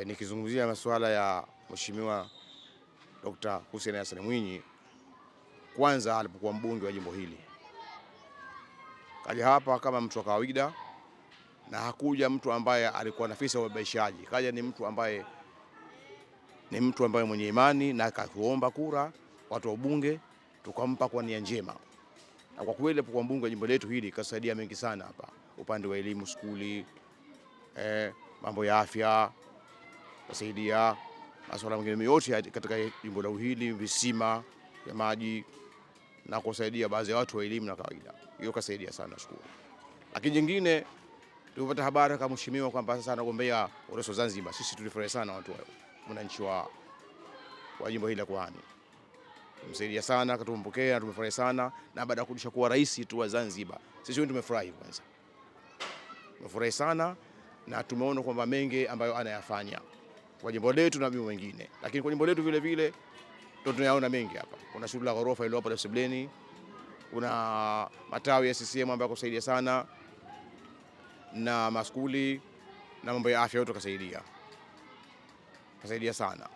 E, nikizungumzia masuala ya Mheshimiwa Dr. Hussein Hassan Mwinyi, kwanza alipokuwa mbunge wa jimbo hili kaja hapa kama mtu wa kawaida, na hakuja mtu ambaye alikuwa nafisa ubabaishaji. Kaja ni mtu ambaye ni mtu ambaye mwenye imani na akakuomba kura watu wa ubunge, tukampa kwa nia njema, na kwa kweli alipokuwa mbunge wa jimbo letu hili kasaidia mengi sana hapa upande wa elimu, skuli, eh, mambo ya afya kusaidia masuala mengine yote katika jimbo la Uhili, visima vya maji na kusaidia baadhi ya watu wa elimu na kawaida. Hiyo kasaidia sana, nashukuru. Lakini jingine tulipata habari kama mheshimiwa kwamba sasa anagombea urais wa Zanzibar. Sisi tulifurahi sana watu wa wananchi wa wa jimbo hili la Kwani. Tumsaidia sana, katumpokea, tumefurahi sana na baada ya kurudisha kuwa rais tu wa Zanzibar. Sisi wengi tumefurahi kwanza. Tumefurahi sana na tumeona kwamba mengi ambayo anayafanya kwa jimbo letu na majimbo mengine, lakini kwa jimbo letu vile vile ndo tunayaona mengi hapa. Kuna shule la ghorofa ile hapo Sebleni, kuna matawi ya CCM ambayo kusaidia sana na maskuli na mambo ya afya yote kasaidia, kasaidia sana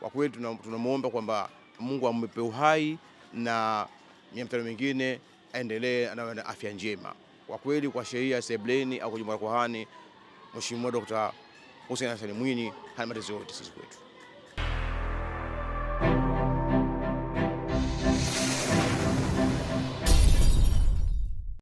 kwa kweli. Tunamwomba kwamba Mungu ampe uhai na miamtano mingine aendelee anawe na afya njema kwa kweli. Kwa sheria ya Sebleni au kwa jumba la kuhani, Mheshimiwa Dr. Hussein Hassan Mwinyi, hana matatizo yote sisi kwetu.